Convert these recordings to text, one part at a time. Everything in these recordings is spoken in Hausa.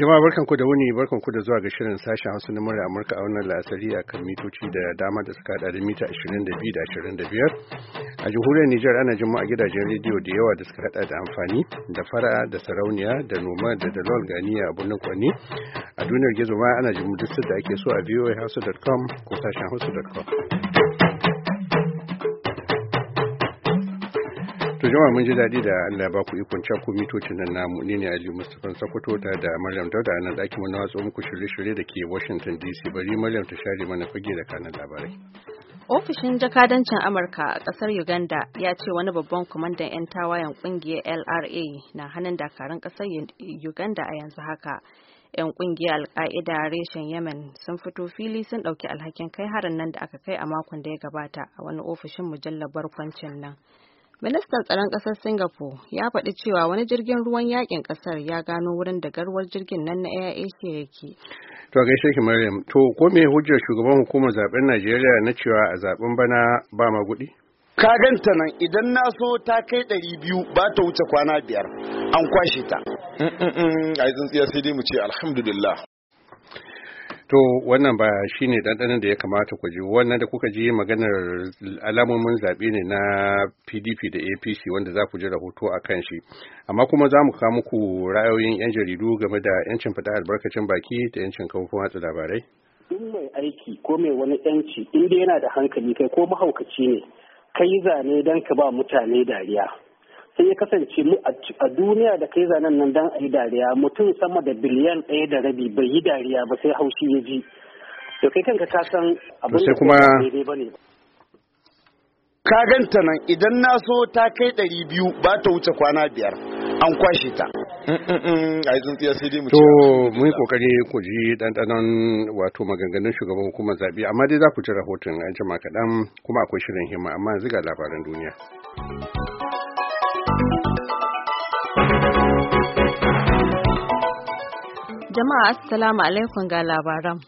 Jama'a barkanku da wuni barkanku da zuwa ga shirin sashen Hausa na murya Amurka a wannan la'asari a kan mitoci da dama da suka hada da mita 22 da 25. A jamhuriyar Nijar ana a gidajen rediyo da yawa da suka hada da amfani da fara da sarauniya da noma da dalol ganiya a birnin Kwani. A duniyar gizo ma ana jimu duk da ake so a voahausa.com ko sashen hausa.com. To jama'a mun ji daɗi da Allah ba ku ikon cako mitocin nan namu ne ne Ali Mustapha Sokoto da da Maryam Dauda nan ɗakin mu na watsa muku shirye-shirye da ke Washington DC bari Maryam ta share mana fage da kanan labarai. Ofishin jakadancin Amurka a kasar Uganda ya ce wani babban kwamandan 'yan tawayen ƙungiyar LRA na hannun dakarun ƙasar Uganda a yanzu haka. 'yan kungiyar alka'ida reshen yemen sun fito fili sun ɗauki alhakin kai harin nan da aka kai a makon da ya gabata a wani ofishin mujallar barkwancin nan Ministan tsaron ƙasar Singapore ya faɗi cewa wani jirgin ruwan yakin ƙasar ya gano wurin da garwar jirgin nan na Air Asia yake. To gaishe ki Maryam, to ko me hujjar shugaban hukumar zaben Najeriya na cewa a zaben bana ba ma gudi? Ka ganta nan idan na so ta kai ɗari biyu ba ta wuce kwana biyar an kwashe ta. Mm, mm, mm. Ai tsintsiya sai dai mu ce alhamdulillah To wannan ba shi ne ɗanɗanin da ya kamata ku ji wannan da kuka ji maganar alamomin zaɓe ne na PDP da APC wanda za ku ji rahoto a kan shi. Amma kuma za mu kawo muku ra'ayoyin 'yan jaridu game da 'yancin faɗa albarkacin baki da 'yancin kafofin watsa labarai. in mai aiki ko mai wani 'yanci inda yana da hankali kai ko mahaukaci ne kai zane don ka ba mutane dariya. sai ya kasance mu a duniya da kai zanen nan dan a yi dariya mutum sama da biliyan ɗaya da rabi bai yi dariya ba sai haushi ya ji to kai kanka ka san abin da kuma daidai ba ne ka ganta nan idan naso ta kai ɗari biyu ba ta wuce kwana biyar an kwashe ta mm, mm, mm, to mun kokari ku ji dandanon wato maganganun shugaban hukumar zabi amma dai za ku ci rahoton an jima kaɗan kuma akwai shirin himma amma yanzu ga labaran duniya Jama'a Assalamu alaikum ga labaran.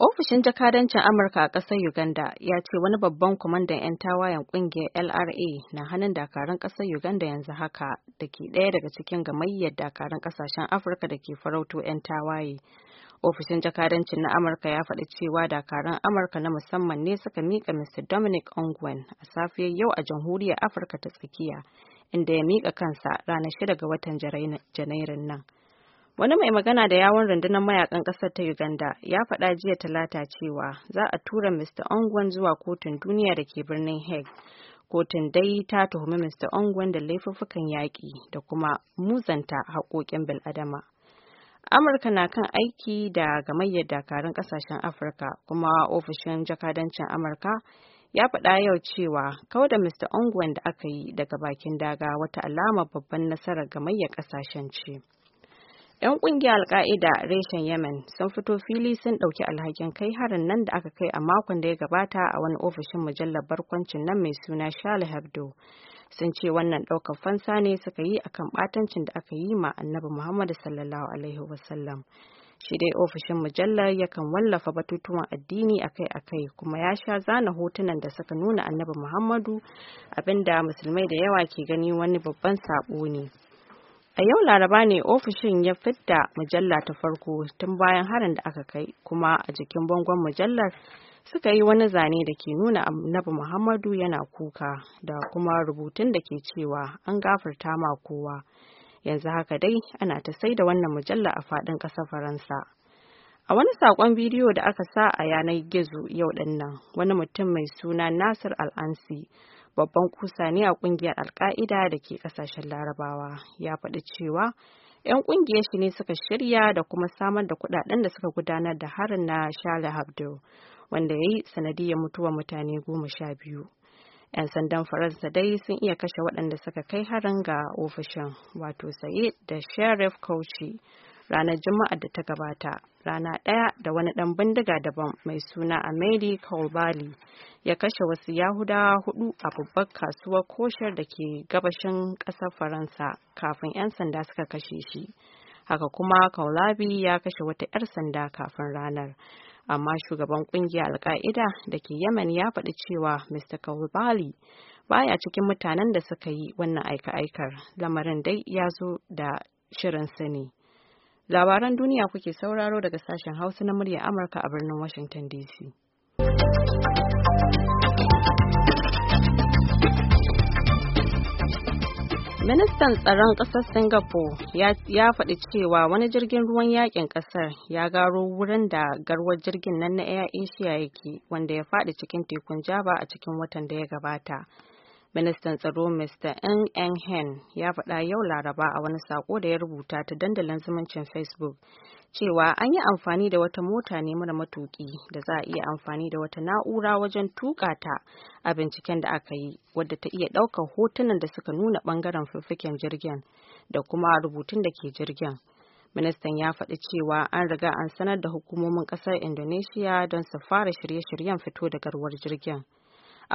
Ofishin jakadancin Amurka a ƙasar Uganda ya ce wani babban kwamandan 'yan tawayen ƙungiyar LRA na hannun dakarun ƙasar Uganda yanzu haka da ke ɗaya daga cikin gamayyar dakarun ƙasashen Afirka da ke farauto 'yan tawaye. Ofishin jakadancin na Amurka ya faɗi cewa dakarun Amurka na musamman ne suka miƙa Mr. Dominic Ongwen a safiyar yau a Jamhuriyar Afirka ta Tsakiya inda ya miƙa kansa ranar shida ga watan janairun nan. Wani mai magana da yawon rundunar mayakan ƙasar ta Uganda ya faɗa jiya talata cewa za a tura Mr. Ongwen zuwa kotun duniya da ke birnin Hague. Kotun dai ta tuhumi Mr. Ongwen da laifuffukan yaƙi da kuma muzanta haƙoƙin bil'adama. Amurka na kan aiki da gamayyar dakarun ƙasashen Afirka kuma ofishin jakadancin Amurka ya faɗa yau cewa kawai da Mr. Ongwen da aka yi daga bakin daga wata alama babban nasarar gamayyar ƙasashen ce. 'Yan ƙungiyar Al-Qaida reshen Yemen sun fito fili sun ɗauki alhakin kai harin nan da aka kai a makon da ya gabata a wani ofishin mujallar barkwancin nan mai suna Charlie Hebdo. Sun ce wannan ɗaukar fansa ne suka yi akan ɓatancin da aka yi ma Annabi Muhammad sallallahu alaihi wasallam. shi dai ofishin mujallar yakan wallafa batutuwan addini akai-akai kuma ya sha zana hotunan da suka nuna annabi muhammadu abinda musulmai da yawa ke gani wani babban sabo ne a yau laraba ne ofishin ya fidda mujalla ta farko tun bayan harin da aka kai kuma a jikin bangon mujallar suka yi wani zane da ke nuna annabi muhammadu yana kuka da kuma rubutun da ke cewa an gafarta ma kowa yanzu haka dai ana ta sai da wannan mujalla a faɗin ƙasar faransa a wani saƙon bidiyo da aka sa a yanar gizo yau ɗin nan wani mutum mai suna nasir al'ansi babban kusa ne a ƙungiyar alka'ida da ke ƙasashen larabawa ya faɗi cewa 'yan ƙungiyar shi ne suka shirya da kuma samar da kuɗaɗen da suka gudanar da harin na shale habdo wanda ya yi sanadiyar mutuwar mutane goma sha biyu 'Yan sandan Faransa dai sun iya kashe waɗanda suka kai harin ga ofishin wato saye da Sheriff Kauci ranar Juma'a da ta gabata. Rana ɗaya da wani ɗan bindiga daban mai suna Amedi Kaulbali ya kashe wasu Yahudawa hudu a babbar kasuwar koshar da ke gabashin ƙasar Faransa kafin 'yan sanda suka kashe shi. Haka kuma Kaulabi ya kashe wata 'yar sanda kafin ranar. amma shugaban kungiyar alka'ida da ke yemen ya faɗi cewa mr kawubali baya cikin mutanen da suka yi wannan aika-aikar lamarin dai ya zo da shirin ne labaran duniya kuke sauraro daga sashen hausa na murya amurka a birnin washington dc Ministan tsaron ƙasar Singapore ya faɗi cewa wani jirgin ruwan yakin ƙasar ya garo wurin da garwar jirgin nan na Air Asia yake wanda ya faɗi cikin tekun Java a cikin watan da ya gabata. Ministan tsaro Mr. Ng Eng Hen ya faɗa yau Laraba a wani sako da ya rubuta ta dandalin zumuncin Facebook cewa an yi amfani da wata mota ne mara matuki da za a iya amfani da wata na'ura wajen tuka ta a binciken da aka yi wadda ta iya ɗaukar hotunan da suka nuna ɓangaren fiffiken jirgin da kuma rubutun da ke jirgin. Ministan ya faɗi cewa an riga an sanar da hukumomin ƙasar Indonesia don su fara shirye-shiryen fito da garwar jirgin.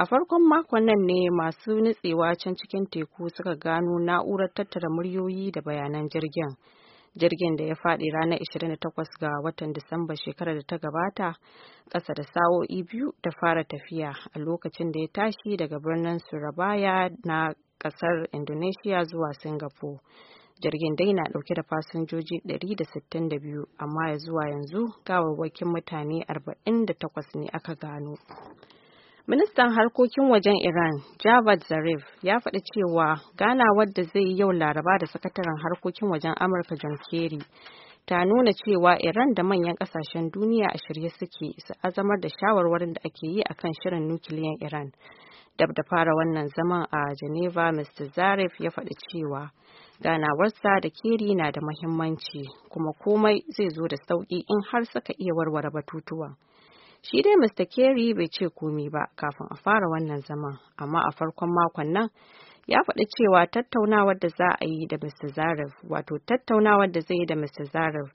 A farkon makon nan ne masu nutsewa can cikin teku suka gano na'urar tattara muryoyi da bayanan jirgin. Jirgin da ya faɗi ranar 28 ga watan Disamba shekarar da ta gabata, ƙasa da sa'o'i biyu da fara tafiya a lokacin da ya tashi daga birnin Surabaya na ƙasar Indonesia zuwa Singapore. jirgin dai na dauke da fasinjoji 162 amma ya zuwa yanzu gawarwakin mutane 48 ne aka gano Ministan harkokin wajen Iran, Javad Zarif, ya faɗi cewa gana wadda zai yi yau Laraba da sakataren harkokin wajen Amurka John Kerry ta nuna cewa Iran da manyan ƙasashen duniya a shirye suke su azamar da shawarwarin da ake yi a kan shirin nukiliyan Iran. Dab da fara wannan zaman a Geneva, Mr. Zarif ya faɗi cewa ganawarsa da Kerry na da mahimmanci kuma komai zai zo da sauƙi in har suka iya warware batutuwan. Shi dai Mr. Kerry bai ce komi ba kafin a fara wannan zaman, amma a farkon makon nan ya faɗi cewa tattaunawar da za a yi da Mr. Zarif, wato tattaunawar da zai yi da Mr. Zarif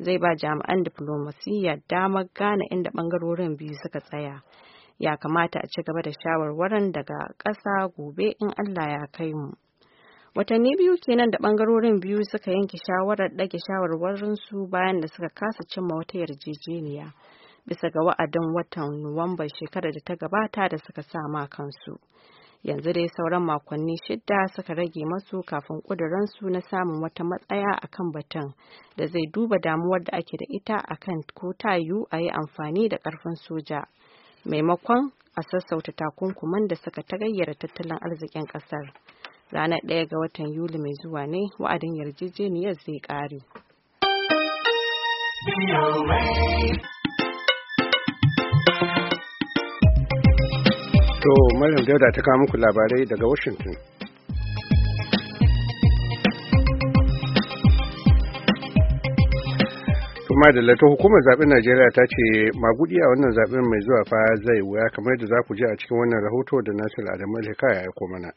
zai ba jami'an diflomasiyya damar gane inda ɓangarorin biyu suka tsaya. Ya kamata a ci gaba da shawarwaran daga ƙasa gobe in Allah ya kai mu. watanni biyu kenan da ɓangarorin biyu suka yanke shawarar ɗage shawarwarinsu bayan da suka kasa cimma wata yarjejeniya bisa ga wa'adin watan nuwamba shekarar da ta gabata da suka sa ma kansu. Yanzu dai sauran makonni shidda suka rage masu kafin ƙuduransu na samun wata matsaya a kan batun da zai duba damuwar da ake da ita a kan ko ta yiwu a yi amfani da ƙarfin soja. Maimakon a sassauta takunkuman da suka gayyara tattalin arzikin ƙasar. Ranar ɗaya ga watan Yuli mai zuwa ne wa'adin yarjejeniyar zai ƙare. To, Maryam Dauda ta kawo muku labarai daga Washington. kuma da lato hukumar zaɓen Najeriya ta ce magudi a wannan zaɓen mai zuwa fa zai wuya kamar da za ku ji a cikin wannan rahoto da Nasir Adamu alhikaya ya aiko mana.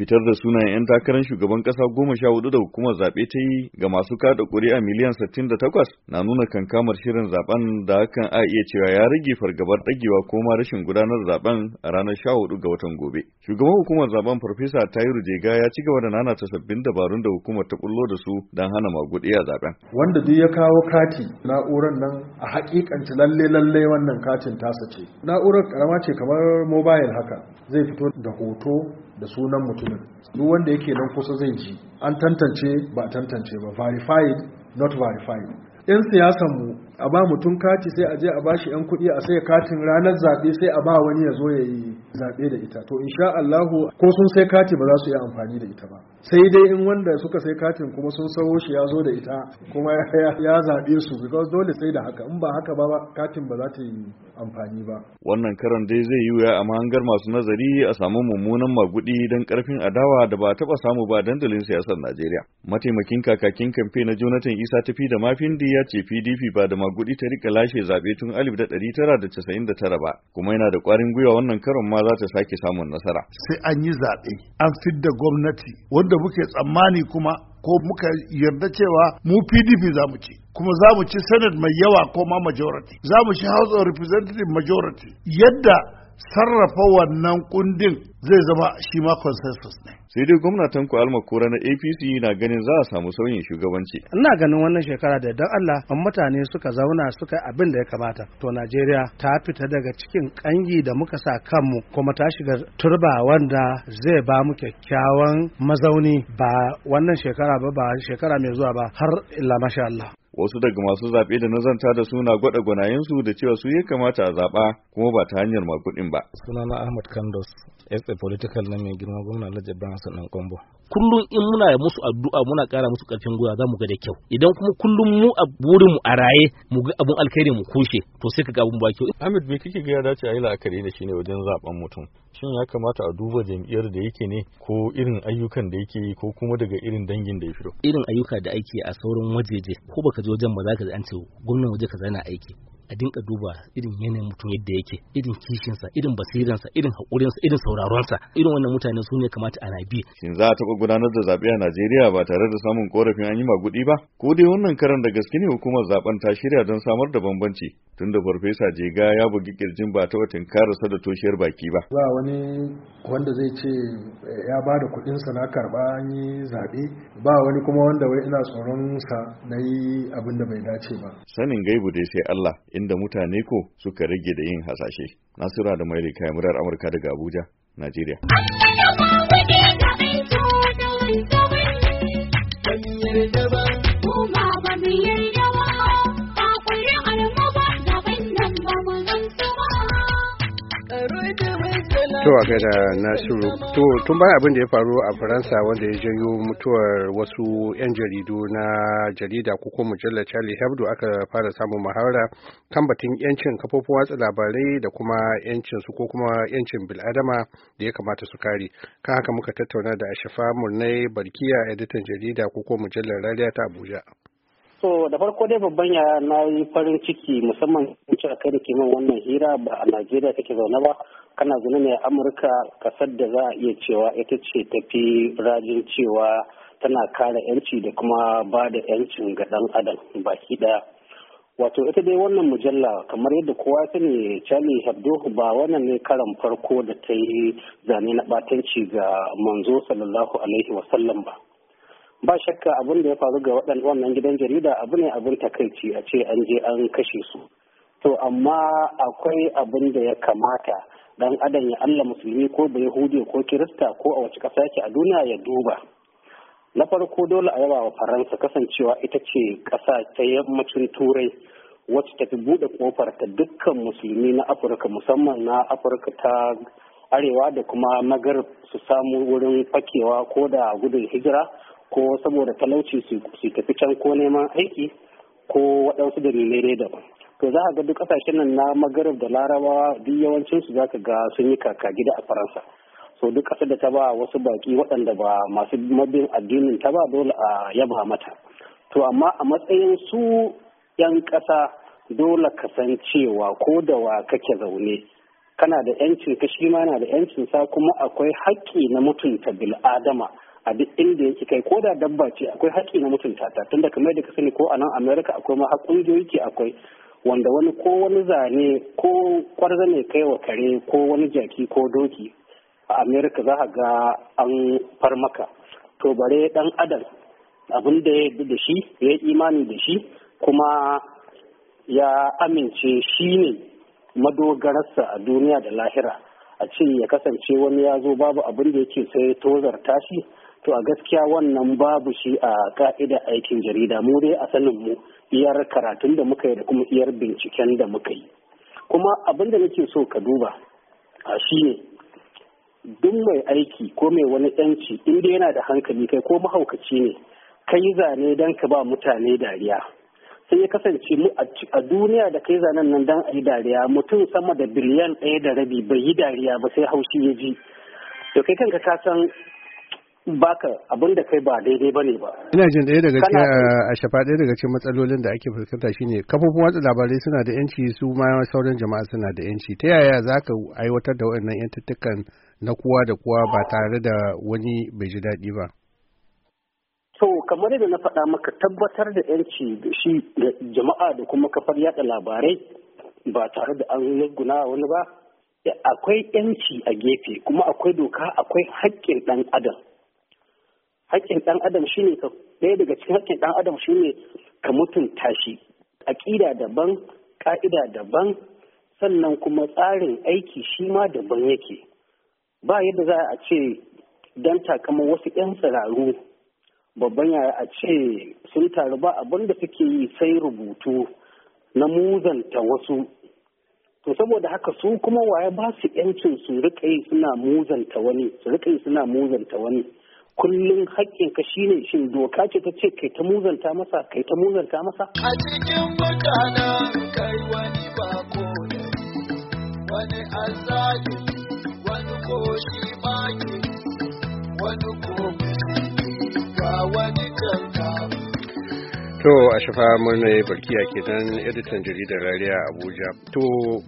fitar da sunayen 'yan takarar shugaban kasa goma sha hudu da hukumar zaɓe ta yi ga masu kada ƙuri'a miliyan sittin da takwas na nuna kankamar shirin zaɓen da hakan a iya cewa ya rage fargabar ɗagewa ko ma rashin gudanar zaɓen a ranar sha hudu ga watan gobe. Shugaban hukumar zaɓen Farfesa Tayiru Jega ya ci gaba da nanata sabbin dabarun da hukumar ta bullo da su don hana maguɗi a zaɓen. Wanda duk ya kawo kati na'urar nan a hakikanci lalle lalle wannan katin tasa ce. Na'urar karama ce kamar mobile haka zai fito da hoto da sunan mutumin duk wanda yake nan kusa zai ji an tantance ba tantance ba verified not verified 'yan mu. a ba mutum kati sai a je a bashi yan kuɗi a sai katin ranar zaɓe sai a ba wani ya zo ya yi zaɓe da ita to insha Allahu ko sun sai kati ba za su yi amfani da ita ba sai dai in wanda suka sai katin kuma sun sawo shi ya zo da ita kuma ya zaɓe su because dole sai da haka in ba haka ba katin ba za ta yi amfani ba wannan karan dai zai yi wuya a mahangar masu nazari a samu mummunan magudi don karfin adawa da ba taba samu ba dandalin siyasar Najeriya mataimakin kakakin kamfe na Jonathan Isa tafi da mafindi ya ce PDP ba da magudi ta rika lashe zaɓe tun 1999 ba kuma yana da ƙwarin gwiwa wannan karon ma za ta sake samun nasara sai an yi zaɓe an fidda gwamnati wanda muke tsammani kuma ko muka yarda cewa mu PDP za mu ci kuma za mu ci Senate mai yawa ko ma majority za mu ci House of representatives majority yadda sarrafa wannan kundin zai zama shi ma consensus ne. Sai dai gwamnatin ku Kora na APC na ganin za a samu sauyin shugabanci. Ina ganin wannan shekara da dan Allah an mutane suka zauna suka abin da ya kamata. To Najeriya ta fita daga cikin kangi da muka sa kanmu kuma ta shiga turba wanda zai ba mu kyakkyawan mazauni ba wannan shekara ba ba shekara mai zuwa ba har illa masha Allah. wasu daga masu zaɓe da nazanta da suna gwada gwanayensu da cewa su ya kamata a zaɓa kuma ba ta hanyar makuɗin ba. Sunana Ahmad Kandos, SA Political na mai girma gwamna Alhaji Ibrahim Sanan Kombo. Kullum in muna musu addu'a muna ƙara musu ƙarfin gwiwa za mu ga da kyau. Idan kuma kullum mu a burin mu a raye mu ga abun alkhairi mu kushe to sai ka ga abun ba kyau. Ahmad me kike ga ya dace a yi la'akari da shi ne wajen zaɓen mutum? shin ya kamata a duba jam'iyyar da yake ne ko irin ayyukan da yake yi ko kuma daga irin dangin da ya fito irin ayyuka da ake a sauran wajeje ko baka je wajen ba za ka ji an ce gwamnan waje kaza zana aiki a dinka duba irin yanayin mutum yadda yake irin kishinsa irin basiransa irin haƙurinsa irin sauraronsa irin wannan mutane su ne kamata ana bi shin za a taɓa gudanar da zaɓe a Najeriya ba tare da samun korafin an yi maguɗi ba ko dai wannan karan da gaske ne hukumar zaben ta shirya don samar da bambanci tunda farfesa Jega ya bugi kirjin ba watan karasa da toshiyar baki ba ba wani wanda zai ce eh, ya ba da kuɗinsa na karɓa an yi zaɓe ba wani kuma wanda wai ina tsoron sa na yi abin da bai dace ba sanin gaibu dai sai Allah inda mutane ko suka rage da yin hasashe. Nasura da Maili kayan murar Amurka daga Abuja, Najeriya. to a da nasiru to tun bayan abin da ya faru a faransa wanda ya janyo mutuwar wasu 'yan jaridu na jarida ko mujallar charlie hebdo aka fara samun muhawara kan batun 'yancin kafofin watsa labarai da kuma 'yancin su ko kuma 'yancin bil'adama da ya kamata su kare kan haka muka tattauna da ashafa murnai barkiya editan jarida ko mujallar rariya ta abuja so da farko dai babban ya na yi farin ciki musamman cewa kai da ke wannan hira ba a najeriya take zaune ba ana zuna ne amurka kasar da za a iya cewa ita ce tafi rajin cewa tana kare 'yanci da kuma ba da 'yancin ga ɗan adam baki ɗaya wato ita dai wannan mujalla kamar yadda kowa sani charlie hebdo ba wannan ne karan farko da ta yi zane na batanci ga manzo sallallahu alaihi wasallam ba ba shakka abin da ya faru ga waɗannan gidan jarida abu ne abin takaici a ce an je an kashe su to amma akwai abin da ya kamata dan adam ya Allah musulmi ko ba yahudi ko kirista ko a wace ƙasa yake a duniya ya duba na farko dole a yaba wa faransa kasancewa ita ce ƙasa ta yammacin turai wacce tafi buɗe ƙofar ta dukkan musulmi na afirka musamman na afirka ta arewa da kuma magar su samu wurin fakewa ko da gudun hijira ko saboda talauci su tafi can ko neman aiki ko waɗansu dalilai daban to za a ga duk kasashen nan na magarib da larabawa duk yawancin su ka ga sun yi kaka gida a faransa so duk kasar da ta ba wasu baki waɗanda ba masu mabin addinin ta ba dole a yaba mata to amma a matsayin su yan ƙasa dole kasancewa ko da wa kake zaune kana da yancin ka ma na da yancin sa kuma akwai haƙƙi na mutunta bil'adama a duk inda yake kai ko da dabba ce akwai haƙƙi na mutunta ta tunda kamar da ka sani ko a nan america akwai ma haƙƙungiyoyi ke akwai wanda wani ko wani zane ko kwarza ne kai wa kare ko wani jaki ko doki a amerika za ga an farmaka? to bare dan adam abin da ya da shi ya imani da shi kuma ya amince shi ne madogararsa a duniya da lahira a ce ya kasance wani ya zo babu abin da yake sai tozarta shi to a gaskiya wannan babu shi a ka'ida aikin jarida mu dai a sanin mu iyar karatun da muka yi da kuma iyar binciken da muka yi kuma abin da nake so ka duba a shi ne duk mai aiki ko mai wani yanci inda yana da hankali kai ko mahaukaci ne kai zane don ka ba mutane dariya sai ya kasance mu a duniya da kai zanen nan don a yi dariya mutum sama da biliyan ɗaya da rabi bai yi dariya ba sai haushi ya ji to kai kanka ka san baka abin da kai ba daidai bane ba. Ina jin ɗaya daga cikin a shafa ɗaya daga ce matsalolin da ake fuskanta shine kafofin watsa labarai suna da yanci su ma sauran jama'a suna da yanci ta yaya za ka aiwatar da waɗannan yantattukan na kowa da kowa ba tare da wani bai ji daɗi ba. To kamar yadda na faɗa maka tabbatar da yanci da shi jama'a da kuma kafar yada labarai ba tare da an yaguna wani ba akwai yanci a gefe kuma akwai doka akwai haƙƙin ɗan adam haƙƙin ɗan adam shi ne ɗaya daga cikin haƙƙin ɗan adam shi ne ka mutunta shi aƙida daban ƙa'ida daban sannan kuma tsarin aiki shi ma daban yake ba yadda za a ce don takamar wasu 'yan tsiraru babban yaya a ce sun taru ba abin da suke yi sai rubutu na muzanta wasu to saboda haka su kuma waye ba su 'yancin su rika yi suna muzanta wani su rika yi suna muzanta wani kullum haƙƙinka shine shin doka ce ta ce kai ta muzanta masa kai ta muzanta masa a cikin mutanen kai wani bako ne wani azali wani koshi baki, wani kogi ga wani kankamu To a shafa murna a kenan editan jaridar rariya Abuja. To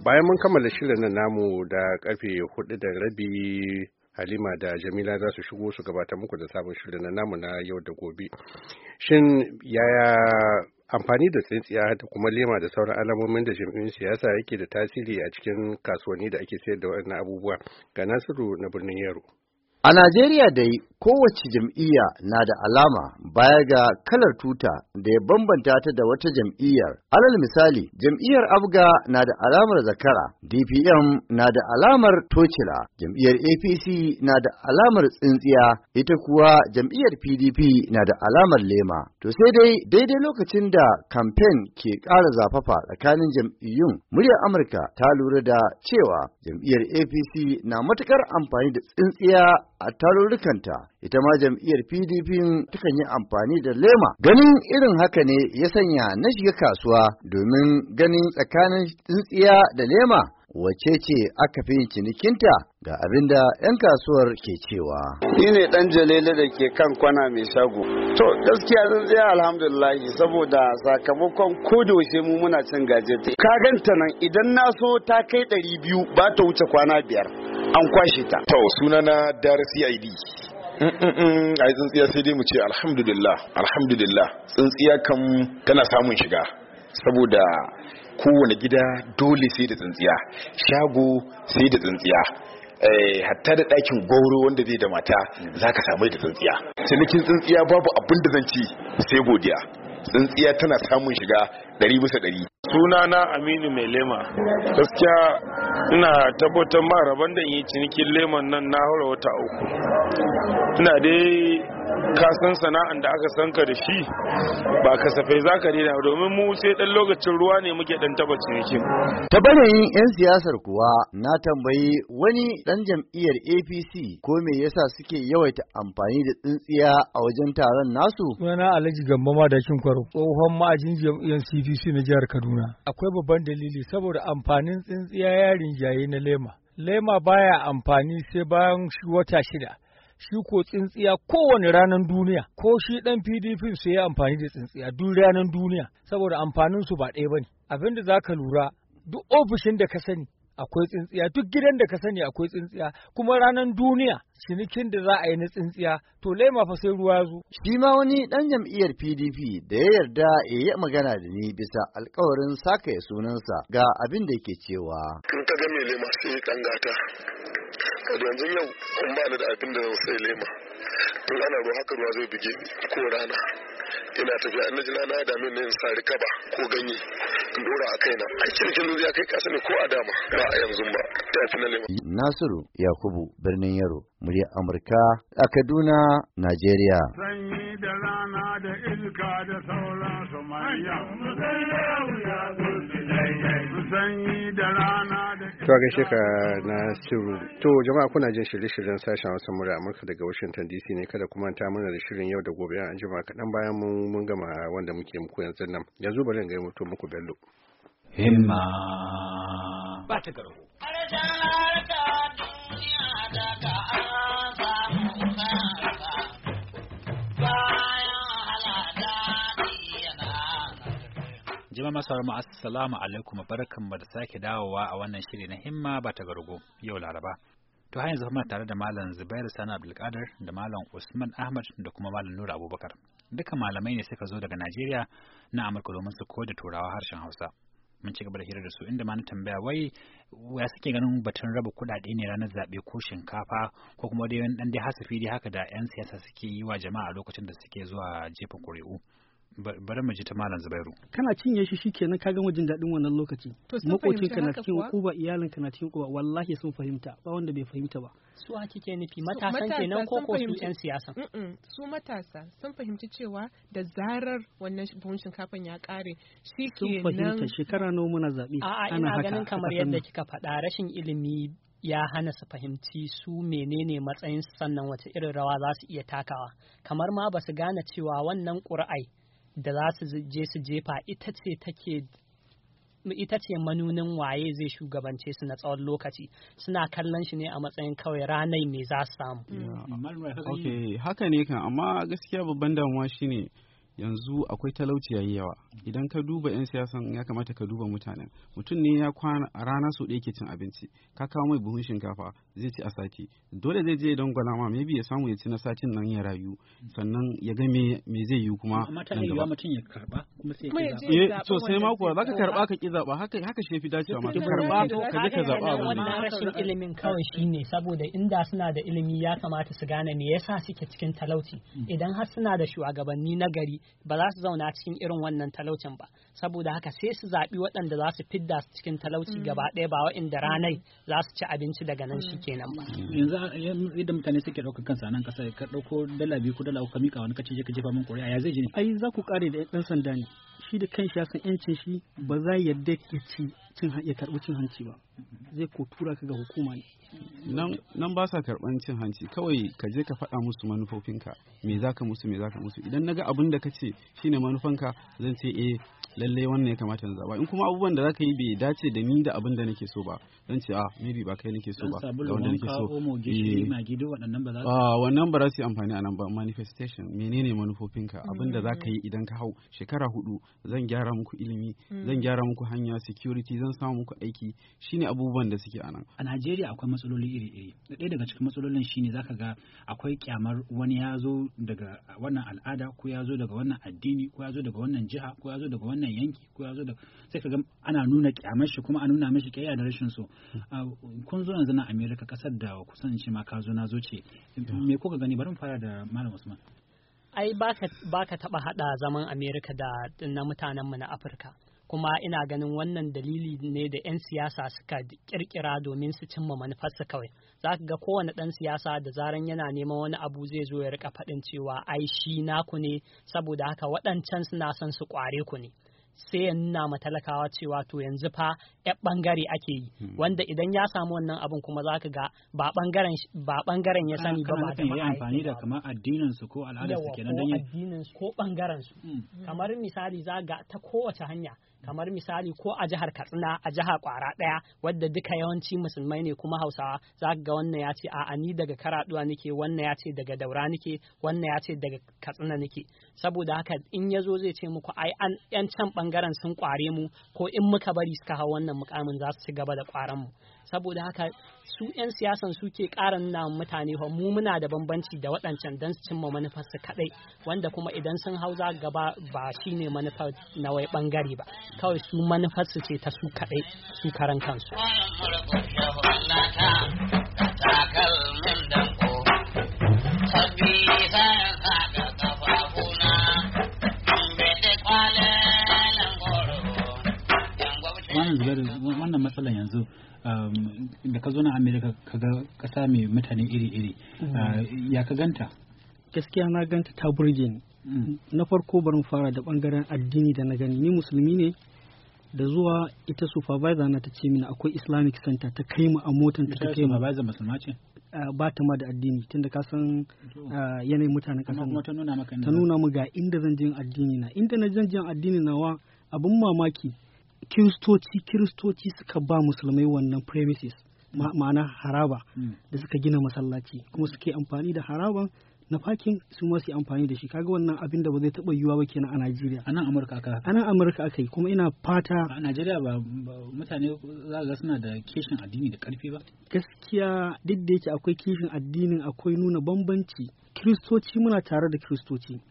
bayan mun kammala shirin nan namu da karfe hudu da rabi halima da jamila za su shigo su gabata muku da sabon shirin na namu na yau da gobe shin yaya amfani da tsintsiya da kuma lema da sauran alamomin da jami'in siyasa yake da tasiri a cikin kasuwanni da ake sayar da waɗannan abubuwa ga nasiru na birnin yaro A Najeriya dai kowace jam'iyya na da alama baya ga kalar tuta da ya bambanta ta da wata jam'iyyar. Alal misali, jam'iyyar Abga na da alamar zakara, DPM na da alamar tocila, jam'iyyar APC na da alamar tsintsiya, ita kuwa jam'iyyar PDP na da alamar lema. To sai dai daidai lokacin da kamfen ke ƙara zafafa tsakanin jam'iyyun, muryar Amurka ta lura da cewa jam'iyyar APC na matuƙar amfani da tsintsiya a tarurrukanta ita ma jam'iyyar pdp takan yi amfani da lema ganin irin haka ne ya sanya na shiga kasuwa domin ganin tsakanin tsintsiya da lema wace ce aka fi cinikinta ga abinda 'yan kasuwar ke cewa. Ni ne ɗan jalele da ke kan kwana mai shago. To gaskiya zan tsaya alhamdulillahi saboda sakamakon kodo sai mu muna cin gajete. Ka ganta nan idan na so ta kai ɗari biyu ba ta wuce kwana biyar. an kwashe ta to na dara CID mm, mm, mm, a yi tsintsiya sai dai mu ce alhamdulillah alhamdulillah tsintsiya kan tana samun shiga saboda kowane gida dole sai da tsintsiya shago sai da tsintsiya eh, hatta da ɗakin gwauro wanda zai da mata za ka samu da tsintsiya cinikin tsintsiya babu abin da zan ci sai godiya tsintsiya tana samun shiga ɗari bisa ɗari Suna na aminu mai lema gaskiya ina tabbatar ma rabon da yi cinikin leman nan na haura wata uku ina dai ka san sana'an da aka san ka da shi ba kasafai za ka daina domin mu sai dan lokacin ruwa ne muke dan taba ciniki ta banayin yan siyasar kuwa na tambayi wani dan jam'iyyar APC ko me yasa suke yawaita amfani da tsintsiya a wajen taron nasu sunana Alhaji da Madakin Kwaro tsohon ma'ajin jam'iyyar CPC na jihar Kaduna akwai babban dalili saboda amfanin tsintsiya ya rinjaye na lema lema baya amfani sai bayan wata shida shi ko tsintsiya kowane ranar duniya ko shi dan pdp su yi amfani da tsintsiya duk ranar duniya saboda amfanin su ba ɗaya bane abinda za ka lura duk ofishin da ka sani akwai tsintsiya duk gidan da ka sani akwai tsintsiya kuma ranar duniya cinikin da za a yi na tsintsiya to laima fa sai ruwa zo. Shi ma wani ɗan jam'iyyar PDP da ya yarda ya yi magana da ni bisa alkawarin saka sunansa ga abin da yake cewa. Kin ta ga me lema sai ɗan yanzu yau in ba ni da abin da zan sai lema to ana ruwa haka ruwa zai buge ko rana ina tafiya in jina na min ne in sa rikaba ko ganye in dora a kaina a kin zuciya kai kasa ne ko a dama ba a yanzu ba tafi na lema Nasiru Yakubu birnin Yaro muryar Amurka a Kaduna Najeriya sanyi da rana da da sauran su manya sanyi da rana Tuwa gaishe ka na Siru. To jama'a kuna jin shirye-shiryen sashen Hausa mura Amurka daga Washington DC ne kada kuma ta mana da shirin yau da gobe an jima kaɗan bayan mun gama wanda muke muku yanzu nan. Yanzu bari in ga mutum muku Bello. Himma ba ta garo. Jima masu assalamu alaikum barkan mu da sake dawowa a wannan shiri na himma ba ta gargo yau Laraba. To hanyar zafi mana tare da Malam Zubairu Sani Abdulkadir da Malam Usman Ahmad da kuma Malam Nura Abubakar. Duka malamai ne suka zo daga Najeriya na Amurka domin su koyar da Turawa harshen Hausa. Mun ci gaba da hira da su inda ma na tambaya wai ya suke ganin batun raba kuɗaɗe ne ranar zaɓe ko shinkafa ko kuma dai wani ɗan dai hasafi dai haka da 'yan siyasa suke yi wa jama'a lokacin da suke zuwa jefa ƙuri'u. bari mu ji ta malam zubairu kana cinye shi shikenan ka gama jin daɗin wannan lokaci makocin ka na cikin kuba iyalin ka na cikin kuba wallahi sun fahimta ba wanda bai fahimta ba su a kike nufi matasan kenan ko ko su yan siyasa su matasa sun fahimci cewa da zarar wannan buhun shinkafa ya kare shi sun fahimta shekara nawa muna zaɓe a'a ina ganin kamar yadda kika faɗa rashin ilimi ya hana su fahimci su menene matsayin sannan wace irin rawa za su iya takawa kamar ma ba su gane cewa wannan ƙura'ai da za su je su jefa ita ce take ita ce manunin waye zai shugabance su na tsawon lokaci suna kallon shi ne a matsayin kawai ranai mai za su samu. haka ne kan amma gaskiya babban damuwa shine yanzu akwai talauci yayi yawa idan ka duba 'yan siyasan ya kamata ka duba mutanen mutum ne ya kwana a rana su ɗaya ke cin abinci ka kawo mai buhun shinkafa zai ci a sati dole zai je don gwalama maybe ya samu ya ci na satin nan ya rayu sannan ya ga me zai yi kuma amma ta mutum ya karba kuma sai ya eh, zaɓa to sai ma kuwa ka karba ka ki zaɓa haka haka fi dacewa ma karba ka je ka zaɓa abin wannan rashin ilimin kawai shine saboda inda suna da ilimi ya kamata su gane me yasa suke cikin talauci mm. idan har suna da shugabanni na gari ba za su zauna cikin irin wannan talaucin ba saboda haka sai su zaɓi waɗanda za su fidda su cikin talauci mm. gaba ɗaya ba waɗanda mm. ranai za su ci abinci daga nan shi mm. kenan ba. yanzu idan mutane suke ɗaukar kansa nan kasa ka ɗauko dala biyu ko dala uku ka mika wani kace je ka jefa min ƙuri'a ya zai ji ne. ai za ku ƙare da ɗan sanda ne shi da kanshi ya san 'yancin shi ba za yarda ya ci cin ya karɓi cin hanci ba zai ko tura ka ga hukuma ne nan ba sa karɓan cin hanci kawai ka je ka faɗa musu manufofinka me ka musu me ka musu idan naga abin da ka shi shine manufanka zan ce eh lalle wannan ya kamata na zaba in kuma abubuwan da za ka yi bai dace da ni da abin da nake so ba zan ce ah maybe ba kai nake so ba ga wanda nake so eh. ah wannan ba za su yi amfani a nan ba manifestation menene manufofinka abin da za ka yi idan ka hau shekara hudu zan gyara muku ilimi mm. zan gyara muku hanya security zan samu muku aiki shine abubuwan da suke anan a Najeriya akwai matsaloli iri-iri ɗaya daga cikin matsalolin shine zaka ga akwai kyamar wani ya zo daga wannan al'ada ko ya zo daga wannan addini ko ya zo daga wannan jiha ko ya zo daga wannan yanki ko ya zo daga sai ka ga ana nuna kyamar shi kuma a nuna mishi kyayya da rashin so kun zo yanzu na Amerika kasar da kusan shi ma ka zo na zo ce me kuka gani bari mu fara da Malam Usman ai baka baka taba hada zaman Amerika da na mutanen mu na Afirka kuma ina ganin wannan dalili ne da 'yan siyasa suka kirkira domin su cimma manufarsu kawai za ka ga kowane ɗan siyasa da zaran yana neman wani abu zai zo ya rika faɗin cewa ai shi naku ne saboda haka waɗancan suna son su kware ku ne sai ya nuna ma talakawa cewa to yanzu fa ya bangare ake yi hmm. wanda idan ya samu wannan abin kuma za ka ga ba bangaren ya sani ba ba da ya amfani da kamar addinin su ko al'adar su kenan dan addinin ko bangaren su hmm. kamar misali za ga ta kowace hanya kamar misali ko a jihar katsina a jihar kwara ɗaya wadda duka yawanci musulmai ne kuma hausawa za ga wannan ya ce a'a ni daga karaduwa nake wannan ya ce daga daura nake wannan ya ce daga katsina nake saboda haka in ya zo zai ce muku ai an yan can bangaren sun kware mu ko in muka bari suka hau wannan mukamin za su ci gaba da kwaran mu saboda haka su 'yan siyasan suke ƙara nuna mutane mu muna da bambanci da waɗancan don cimma manufar su kaɗai wanda kuma idan sun hau za gaba ba shine manufar na wai ɓangare ba kawai su manufar su ce ta su kaɗai su karan kansu. wannan matsalan yanzu Um, da ka zo na america ka ga mai mutane iri-iri mm. ah, ya ka ganta gaskiya na ganta ta burge ni mm. na farko bari mu fara da bangaren addini da na gani ni musulmi ne da zuwa ita supervisor na ta ce mini akwai islamic center ta kai mu a motan ta kai mu supervisor musulma ce ah, ba ta ma da addini tunda ka san ah, yanayin mutanen kasan ta nuna maka ta nuna mu ga inda zan je addini na inda na zan je addini wa abun mamaki kiristoci kiristoci suka ba musulmai wannan premises ma'ana haraba hmm. da suka gina masallaci kuma suke amfani da haraban na fakin su masu amfani da shi kaga wannan abin da ba zai taba yiwuwa ba kenan a Najeriya a nan Amurka aka a nan Amurka aka yi kuma ina fata a Najeriya ba mutane za ga suna da kishin addini da karfi ba gaskiya duk da yake akwai kishin addinin akwai nuna bambanci Kiristoci muna tare da kiristoci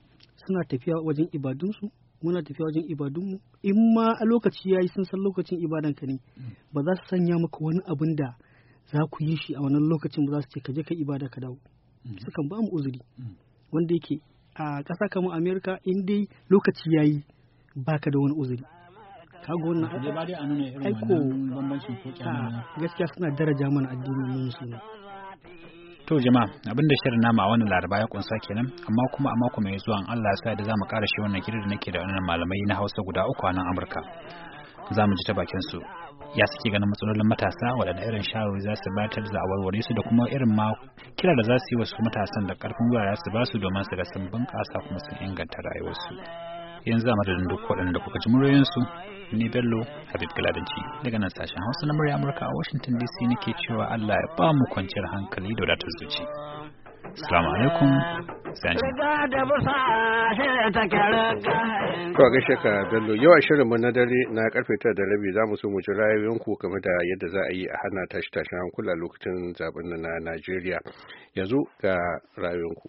suna tafiya wajen ibadunsu muna tafiya wajen mu in ma a lokaci yayi sun san lokacin ibadan ka ne ba za su sanya maka wani abin da za ku yi shi a wannan lokacin ba za su ce ka je ka ibada ka dawo mm. sukan ba mu uzuri mm. wanda yake a ƙasa kamar amerika in dai lokaci yayi baka da wani uzuri ka kaga wannan aiko gaskiya suna daraja mana addinin musulmi To jama'a abinda shirin nama a wannan laraba ya kunsa kenan amma kuma a mako mai zuwa Allah sa da zamu ƙara shi wannan hira da nake da wannan malamai na Hausa guda uku a nan Amurka. zamu ji ta bakin su. Ya suke ganin matsalolin matasa waɗanda irin shawarwari za su batar a warware su da kuma irin ma kira da za su yi wasu matasan da karfin gwiwa za su ba su domin su ga sun bunƙasa kuma sun inganta rayuwarsu. yanzu a madadin duk waɗanda kuka ji muryoyinsu ni bello habib galadanci daga nan sashen hausa na murya amurka a washington dc nake cewa allah ya ba mu kwanciyar hankali da wadatar zuci salamu alaikum. Kwa ga shaka Bello, yau a mu na dare na karfe tara da rabi za mu so mu ji ra'ayoyinku game da yadda za a yi a hana tashi tashin hankula lokacin zaben na Najeriya. Yanzu ga ra'ayoyinku.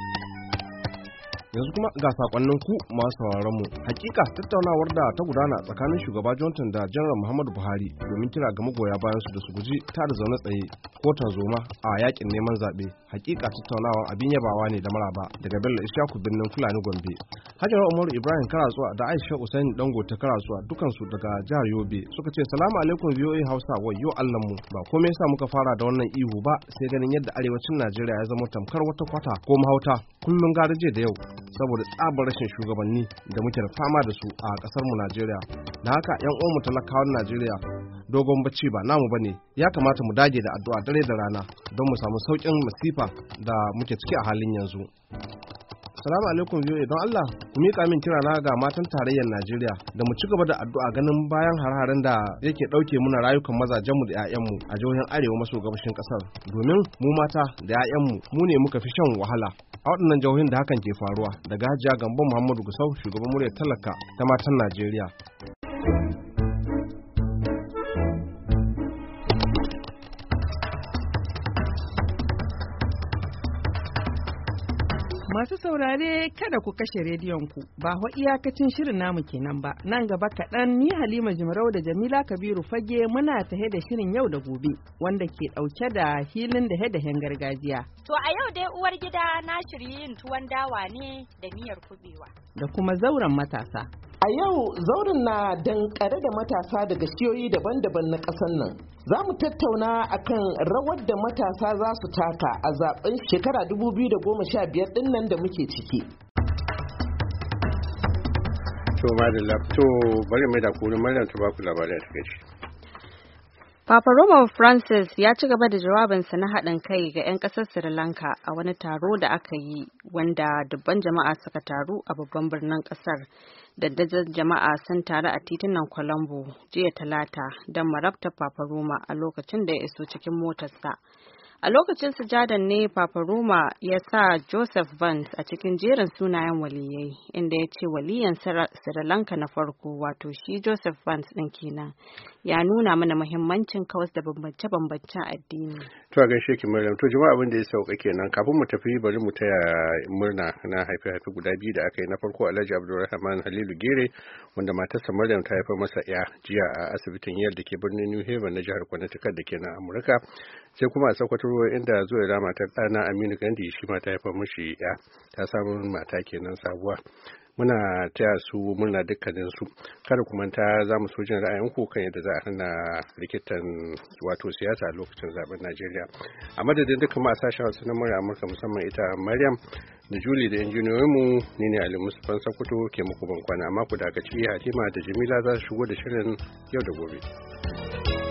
yanzu kuma ga sakonnin ku masu sauraron mu hakika tattaunawar da ta gudana tsakanin shugaba Johnson da General Muhammadu Buhari domin kira ga magoya bayan su da su guji ta da zaune tsaye ko tarzoma a yakin neman zaɓe hakika tattaunawar abin yabawa ne da maraba daga Bello Ishaku birnin Fulani Gombe Hajara Umaru Ibrahim Karatsuwa da Aisha Usain Dango ta Karatsuwa dukansu daga jihar Yobe suka ce salamu alaikum VOA Hausa wayo Allah mu ba komai sa muka fara da wannan ihu ba sai ganin yadda arewacin Najeriya ya zama tamkar wata kwata ko mahauta kullum garaje da yau saboda tsabar rashin shugabanni da muke da fama da su a kasar mu Najeriya da haka yan mu talakawan Najeriya dogon bacci ba namu bane ya kamata mu dage da addu'a dare da rana don mu samu saukin masifa da muke ciki a halin yanzu Salamu alaikum VOA don Allah ku miƙa min kira na ga matan tarayyar Najeriya da mu ci gaba da addu'a ganin bayan har-haren da yake ɗauke muna rayukan mazajenmu da 'ya'yanmu a jihohin arewa maso gabashin ƙasar domin mu mata da 'ya'yanmu mu ne muka fi shan wahala a waɗannan jihohin da hakan ke faruwa daga Hajiya Gambo Muhammadu Gusau shugaban muryar talaka ta matan Najeriya. Masu saurare kada ku kashe rediyon ku ba wa iyakacin shirin namu kenan ba nan gaba kaɗan ni Halima Jimarau da Jamila Kabiru Fage muna tahe da shirin yau da gobe wanda ke ɗauke da hilin da hedahen gargajiya. To a yau dai uwar gida na shirye yin tuwon dawa ne da miyar kubewa. Da kuma zauren matasa. A yau zaurin na dankare da matasa daga siyoyi daban-daban na ƙasar nan. Za mu tattauna akan rawar da matasa za su taka a zaben shekara 2015 ɗin nan da muke ciki. To, Madalla, to da kuri Maryam ta baku labarai Papa Roman Francis ya ci gaba da jawabinsa na haɗin kai ga 'yan ƙasar Sri Lanka a wani taro da aka yi wanda dubban jama'a suka taru a babban birnin ƙasar daddazar jama'a sun taru a titunan colombo jiya talata don marabtar paparoma a lokacin da ya iso cikin motarsa a lokacin sujadan ne paparoma ya sa joseph vance a cikin jerin sunayen waliyai inda ya ce waliyan sri lanka na farko wato shi joseph vance ɗin kenan ya nuna mana muhimmancin kawas da bambance-bambancen addini tuwa a gaishe Maryam to jama'a abin da ya sauka kenan kafin mu tafi bari mu taya murna na haife haife guda biyu da aka yi na farko Alhaji Abdulrahman Halilu Gere wanda matarsa Maryam ta haifar masa ya jiya a asibitin 'yar da ke birnin New Haven na jihar Connecticut da ke na Amurka sai kuma a Sokoto inda Zuwaira matar ɗana Aminu Gandi shi ma ta haifar mashi ya ta samu mata kenan sabuwa muna taya su murna dukkanin su kada kuma ta za mu sojin ra'ayin ku kan yadda za a hana rikitan wato siyasa a lokacin zaben Najeriya a madadin dukkan ma sashen wasu na murya Amurka musamman ita Maryam da juli da injiniyoyinmu mu ne Ali Mustapha Sakuto ke muku ban kwana mako da aka ci Hatima da Jamila za su shigo da shirin yau da gobe.